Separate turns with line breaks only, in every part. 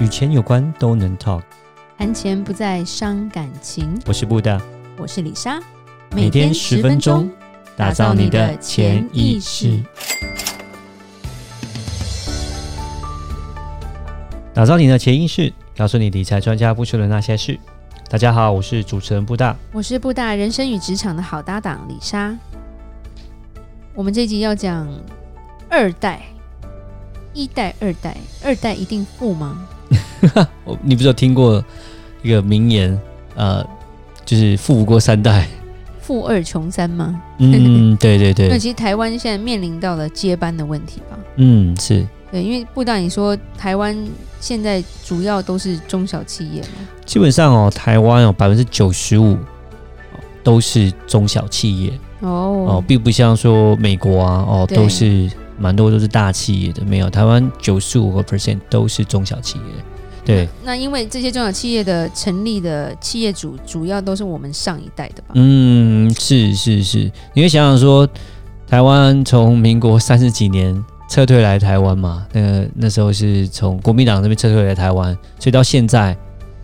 與錢有關都能 talk，
談錢不再傷感情。我是布大，我是里莎，
每天十分鐘，打造你的錢意識，打造你的錢意識，告訴你理財專家不說的那些事。大家好，我是主持人布大，
我是布大，人生與職場的好搭檔里莎。我們這集要講二代，一代、二代、二代一定富嗎？
你不是有聽過一個名言呃，就是“富不過三代，
富二窮三”嗎？ 嗯，對對對。那其實台灣現在面臨到了接班的問題吧？
嗯，是。
對，因為不但你說台灣現在主要都是中小企業，
基本上哦，台灣有百分之九十五都是中小企業哦哦，並不像說美國啊哦對都是蠻多都是大企業的，沒有台灣九十五個 percent 都是中小企業。對，
那因為這些中小企業的成立的企業主，主要都是我們上一代的
吧？嗯，是是是，你會想想說，台灣從民國三十幾年撤退來台灣嘛？那個、那時候是從國民黨這邊撤退來台灣，所以到現在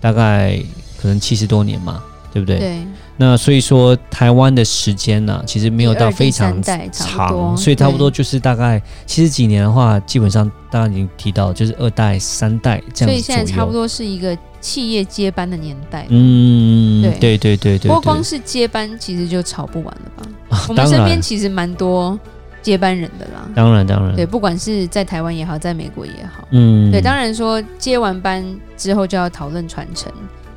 大概可能七十多年嘛，對不對？對，那所以說，台灣的時間呢、啊，其實沒有到非常長，代差不多長，所以差不多就是大概其實幾年七十的話，對基本上大家已經提到，就是二代、三代這樣。所以現在差不
多是一個企業接班的年代。嗯，對，對對對對，對不光是接班，其實就吵不完了吧？啊、我們身邊其實蠻多接班人的啦。當然當然。當然對，不管是在台灣也好，在美國也好，嗯，對，當然說接完班之後就要討論傳承。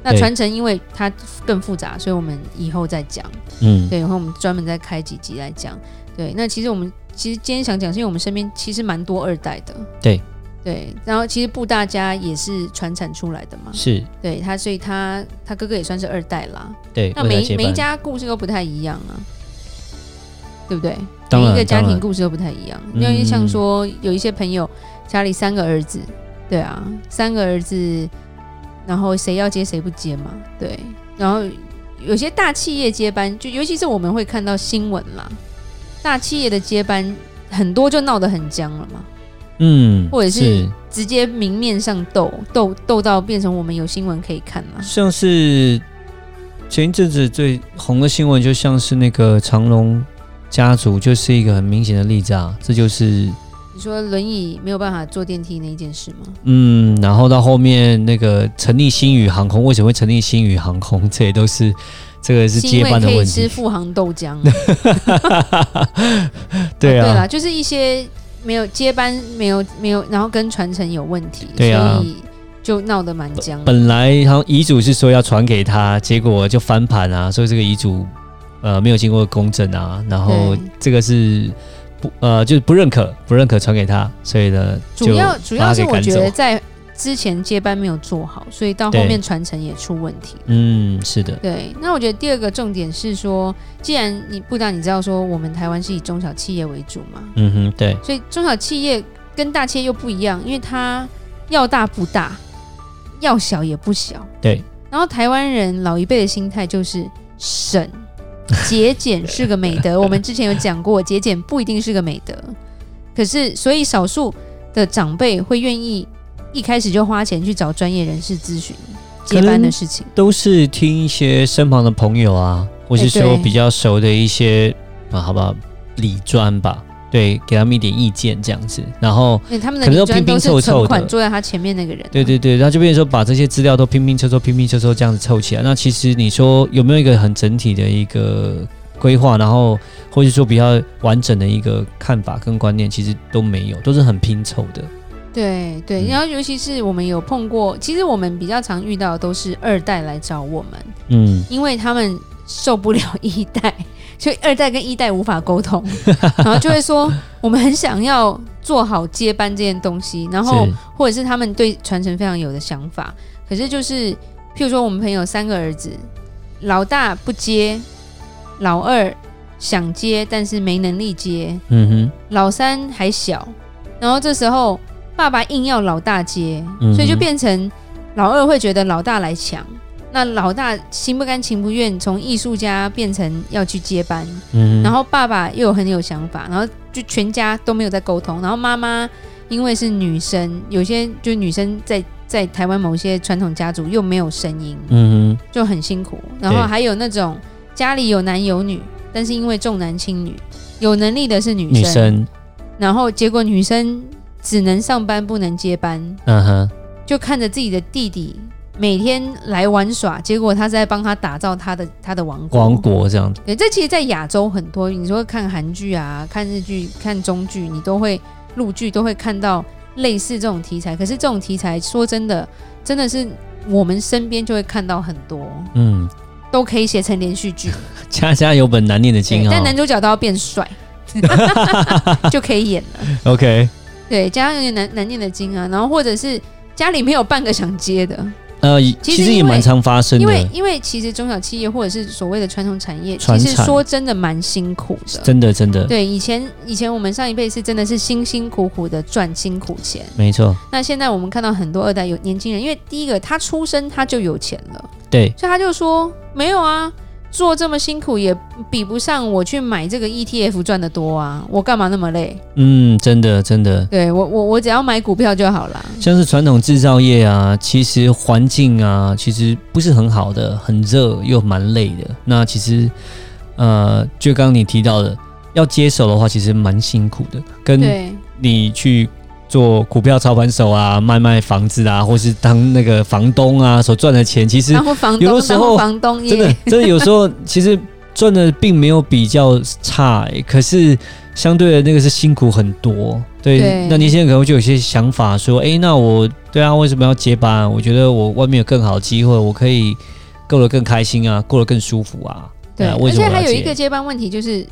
那傳承因為它更複雜，所以我們以後再講。嗯，對，然後我們專門再開幾集來講。對，那其實我們其實今天想講，是因為我們身邊其實蠻多二代的。對，對，然後其實布大家也是傳產出來的嘛。是，對他，所以他他哥哥也算是二代啦。
對，那每一每一家
故事都不太一樣啊，對不對？每然一個家庭故事都不太一樣。然因為像說有一些朋友家裡三個兒子，對啊，三個兒子。然後誰要接誰不接嘛，對。然後有些大企業接班，就尤其是我們會看到新聞嘛，大企業的接班很多就鬧得很僵了嘛，嗯，
或者是
直接明面上鬥是鬥鬥到變成我們有新聞可以看嘛。
像是前一陣子最紅的新聞，就像是那個長榮家族就是一個很明顯的例子啊。這就是。
你說輪椅沒有辦法坐電梯那一件事
嗎？嗯，然後到後面那個成立星宇航空，為什麼會成立星宇航空？這也都是這個是接班的問題。因為可以吃
富航豆漿。對啊，
對啦，就
是一些沒有接班，沒有沒有，然後跟傳承有問題，對啊，所以就鬧得蠻僵。
本來然後遺囑是說要傳給他，結果就翻盤啊，所以這個遺囑呃沒有經過公證啊，然後這個是。不呃，就是不認可，不認可傳給他，所以呢，主要就他主要是我覺得
在之前接班沒有做好，所以到後面傳承也出問題。
嗯，是的，
對。那我覺得第二個重點是說，既然你不然你知道說，我們台灣是以中小企業為主嘛，
嗯哼，對。
所以中小企業跟大企業又不一樣，因為它要大不大，要小也不小。對。然後台灣人老一輩的心態就是省。節儉是個美德，我們之前有講過，節儉不一定是個美德。可是，所以少數的長輩會願意一開始就花錢去找專業人士諮詢
接班的事情，都是聽一些身旁的朋友啊，或是說比較熟的一些啊，欸、對好吧，理專吧。對，給他們一點意見這樣子，然後、欸、他們的能都是拼拼湊湊的。坐
在他前面那
個人、啊，對對對，他就變成說把這些資料都拼拼湊湊、拼拼湊湊這樣子湊起來。那其實你說有沒有一個很整體的一個規劃，然後或者說比較完整的一個看法跟觀念，其實都沒有，都是很拼湊的。
對對，然後尤其是我們有碰過，嗯、其實我們比較常遇到的都是二代來找我們，嗯，因為他們受不了一代。所以二代跟一代無法溝通，然後就會說我們很想要做好接班這件東西，然後或者是他們對傳承非常有的想法，是。可是就是譬如說我們朋友三個兒子，老大不接，老二想接但是沒能力接，嗯哼，老三還小，然後這時候爸爸硬要老大接，所以就變成老二會覺得老大來搶。那老大心不甘情不願，從藝術家變成要去接班，嗯、然後爸爸又很有想法，然後就全家都沒有在溝通。然後媽媽因為是女生，有些就女生在在台灣某些傳統家族又沒有聲音，嗯哼，就很辛苦。然後還有那種對家裡有男有女，但是因為重男輕女，有能力的是女生，女生，然後結果女生只能上班不能接班，嗯哼，就看着自己的弟弟。每天來玩耍，結果他是在幫他打造他的他的王國，王
國這樣子。
對，這其實，在亞洲很多，你說看韓劇啊，看日劇，看中劇，你都會陸劇，都會看到類似這種題材。可是這種題材，說真的，真的是我們身邊就會看到很多。嗯，都可以寫成連續劇，
家家有本難念的經啊、哦。但男
主角都要變帥， 就可以演了。OK，對，家家有點難難念的經啊，然後或者是家裡沒有半個想接的。
呃，其實，其實也蠻常發生的，因為
因為其實中小企業或者是所謂的傳統產業，產其實說真的蠻辛苦的，真
的真的。對，以
前以前我們上一輩是真的是辛辛苦苦的賺辛苦錢，沒錯錯。那現在我們看到很多二代有年輕人，因為第一個他出生他就有錢了，對，所以他就說沒有啊。做這麼辛苦也比不上我去買這個 ETF 賺得多啊！我幹嘛那麼累？
嗯，真的真的，
對，我我我只要買股票就好了。
像是傳統制造業啊，其實環境啊，其實不是很好的，很熱又蠻累的。那其實呃，就剛你提到的，要接手的話，其實蠻辛苦的，跟你去。做股票操盤手啊，賣賣房子啊，或是當那個房東啊，所賺的錢其實有的時候真的，真的有時候其實賺的並沒有比較差，欸，可是相對的那個是辛苦很多。對，對那您現在可能就有些想法，說，哎，欸，那我對啊，為什麼要接班？我覺得我外面有更好的機會，我可以過得更開心啊，過得更舒服啊。對，為什麼我要接？而且還有一個
接班問題就是。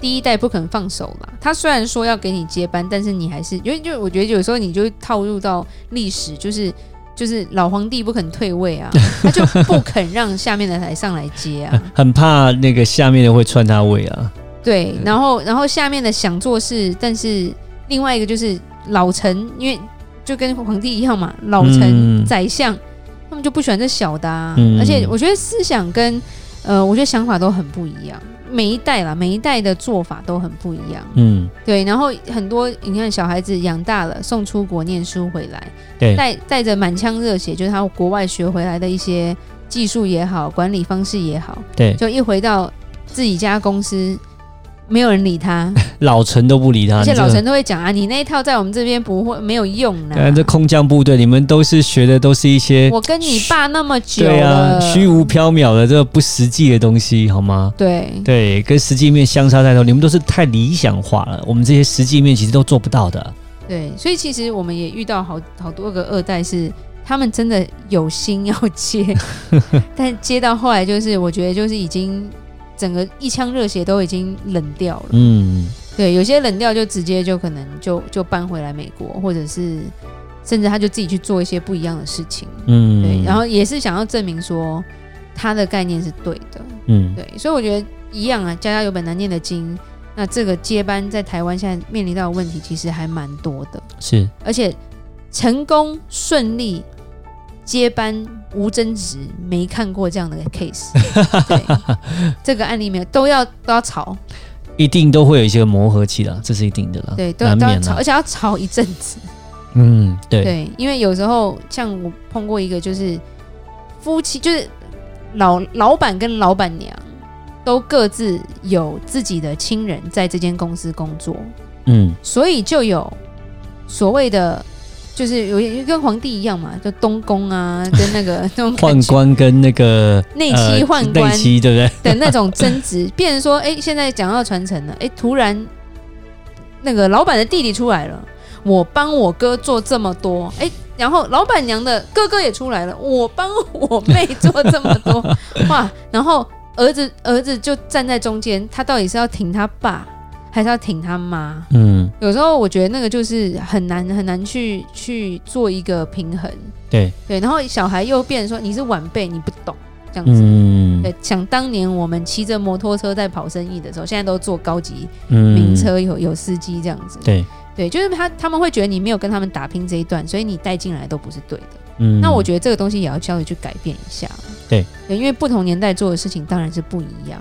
第一代不肯放手嘛，他雖然說要給你接班，但是你還是因為就我覺得有時候你就套入到歷史，就是就是老皇帝不肯退位啊，他就不肯讓下面的台上來接
啊， 很怕那個下面的會篡他位啊。
對，然後然後下面的想做事，但是另外一個就是老臣，因為就跟皇帝一樣嘛，老臣、嗯、宰相他們就不喜歡這小的，啊。嗯、而且我覺得思想跟呃，我覺得想法都很不一樣。每一代啦，每一代的做法都很不一樣。嗯，對，然後很多你看小孩子養大了，送出國念書回來，對帶帶着滿腔熱血，就是他國外學回來的一些技術也好，管理方式也好，對，就一回到自己家公司。沒有人理他，
老臣都不理他，而且老臣都
會講啊，你，這你那一套在我們這邊不會沒有用啊。
當然這空降部隊，你們都是學的都是一些我
跟你爸那麼久了，對啊，虛
無縹緲的這個不實際的東西，好嗎？對對，跟實際面相差太多，你們都是太理想化了。我們這些實際面其實都做不到的。
對，所以其實我們也遇到好好多個二代是，是他們真的有心要接， 但接到後來就是我覺得就是已經。整個一腔熱血都已經冷掉了。嗯，對，有些冷掉就直接就可能就就搬回來美國，或者是甚至他就自己去做一些不一樣的事情。嗯，對，然後也是想要證明說他的概念是對的。嗯，對，所以我覺得一樣啊，家家有本難念的經。那這個接班在台灣現在面臨到的問題，其實還蠻多的。是，而且成功順利，接班無爭執，沒看過這樣的 case，對 這個案例沒有，都要都要吵，
一定都會有一些磨合期啦，這是一定的啦，對，難免，都要吵，而且
要吵一陣子。嗯，對對，因為有時候像我碰過一個，就是夫妻，就是老老闆跟老闆娘都各自有自己的親人在這間公司工作，嗯，所以就有所謂的。就是有跟皇帝一樣嘛，就東宮啊，跟那個那種宦
官跟那個內戚宦官內戚、呃、對不對？
的那種爭執，變成說，哎、欸，現在講到傳承了，哎、欸，突然那個老闆的弟弟出來了，我幫我哥做這麼多，哎、欸，然後老闆娘的哥哥也出來了，我幫我妹做這麼多， 哇，然後兒子兒子就站在中間，他到底是要挺他爸？還是要挺他媽？
嗯，
有時候我覺得那個就是很難很難去去做一個平衡，對對，然後小孩又變成說你是晚輩，你不懂這樣子，嗯，對，想當年我們騎着摩托車在跑生意的時候，現在都坐高級名車有、嗯、有司機這樣子，對對，就是他他們會覺得你沒有跟他們打拼這一段，所以你帶進來都不是對的，嗯，那我覺得這個東西也要稍微去改變一下，對，對，因為不同年代做的事情當然是不一樣。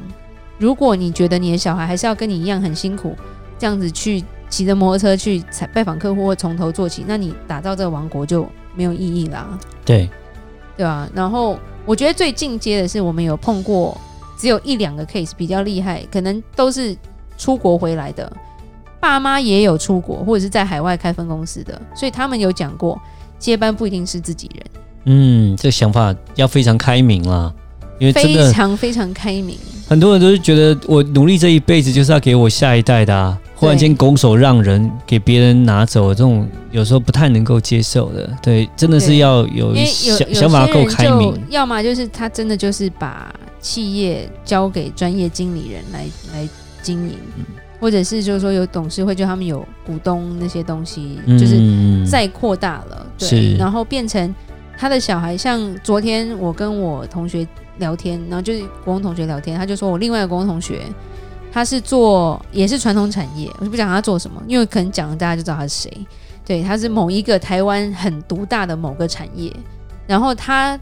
如果你覺得你的小孩還是要跟你一樣很辛苦，這樣子去騎着摩托車去拜訪客戶或從頭做起，那你打造這個王國就沒有意義啦。對，對啊。然後我覺得最進階的是，我們有碰過只有一兩個 case 比較厲害，可能都是出國回來的，爸媽也有出國或者是在海外開分公司的，所以他們有講過，接班不一定是自己人。
嗯，這個想法要非常開明了。因為真的非常
非常開明，
很多人都是覺得我努力這一輩子就是要給我下一代的，啊，對忽然間拱手讓人給別人拿走，這種有時候不太能夠接受的。對，真的是要有對。小因為有小有些人就
要麼就是他真的就是把企業交給專業經理人來來經營，嗯、或者是就是說有董事會就他們有股東那些東西，嗯、就是再擴大了，是對，然後變成他的小孩。像昨天我跟我同學，聊天，然後就是國中同學聊天，他就說我另外一個國中同學，他是做也是傳統產業，我就不講他做什麼，因為可能講了大家就知道他是誰。對，他是某一個台灣很獨大的某個產業，然後他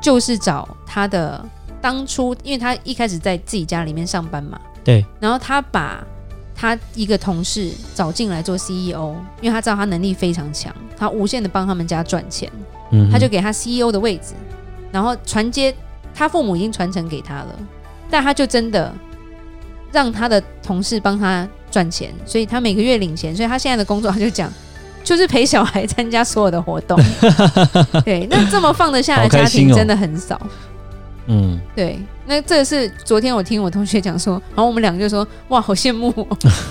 就是找他的當初，因為他一開始在自己家裡面上班嘛，對，然後他把他一個同事找進來做 CEO，因為他知道他能力非常強，他無限的幫他們家賺錢，嗯哼，他就給他 CEO 的位置，然後傳接。他父母已經傳承給他了，但他就真的讓他的同事幫他賺錢，所以他每個月領錢，所以他現在的工作他就講，就是陪小孩參加所有的活動。 對，那這麼放得下的、哦、家庭真的很少。嗯，對，那這是昨天我聽我同學講說，然後我們兩個就說，哇，好羨慕，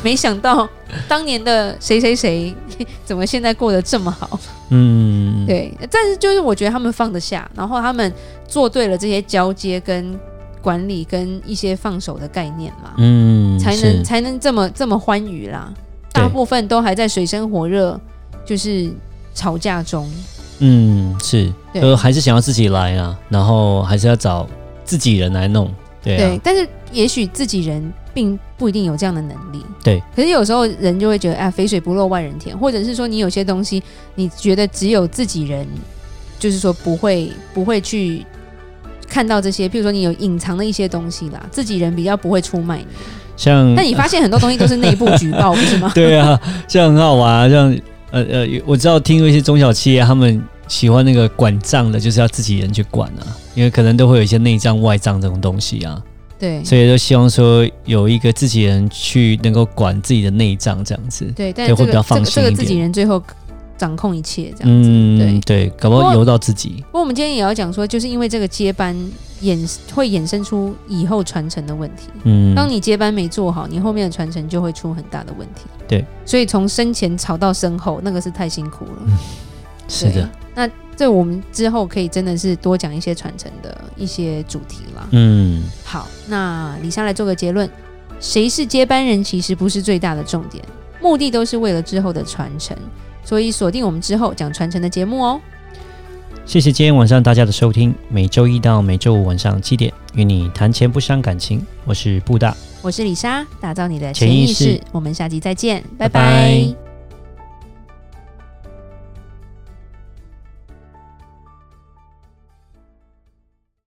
沒想到當年的誰誰誰，怎麼現在過得這麼好？嗯，對，但是就是我覺得他們放得下，然後他們做對了這些交接跟管理跟一些放手的概念嘛，嗯，才能才能這麼這麼歡愉啦。大部分都還在水深火熱，就是吵架中。
嗯，是，都對還是想要自己來啊，然後還是要找自己人來弄，對、啊。對，
但是也許自己人並不一定有這樣的能力，對。可是有時候人就會覺得，哎、啊，肥水不落外人田，或者是說你有些東西，你覺得只有自己人，就是說不會不會去看到這些，譬如說你有隱藏的一些東西啦，自己人比較不會出賣你。
像，那你發現很多東西都是內部舉報， 不是嗎？對啊，這樣很好玩、啊。這樣，呃呃，我知道聽過一些中小企業他們。喜歡那個管賬的，就是要自己人去管啊，因為可能都會有一些內賬外賬這種東西啊。對，所以都希望說有一個自己人去能夠管自己的內賬這樣子。對，但這個、這個、這個自己
人最後掌控一切這樣子。
嗯，對，對，搞不好由到自己
不。不過我們今天也要講說，就是因為這個接班衍會衍生出以後傳承的問題。嗯，當你接班沒做好，你後面的傳承就會出很大的問題。對，所以從生前吵到身後，那個是太辛苦了。嗯、是的。這我們之後可以真的是多講一些傳承的一些主題了。
嗯，
好，那李莎來做個結論，誰是接班人其實不是最大的重點，目的都是為了之後的傳承，所以鎖定我們之後講傳承的節目哦。
謝謝今天晚上大家的收聽，每周一到每周五晚上七點與你談錢不傷感情，我是布大，
我是李莎，打造你的錢意識，我們下集再見，拜拜。拜拜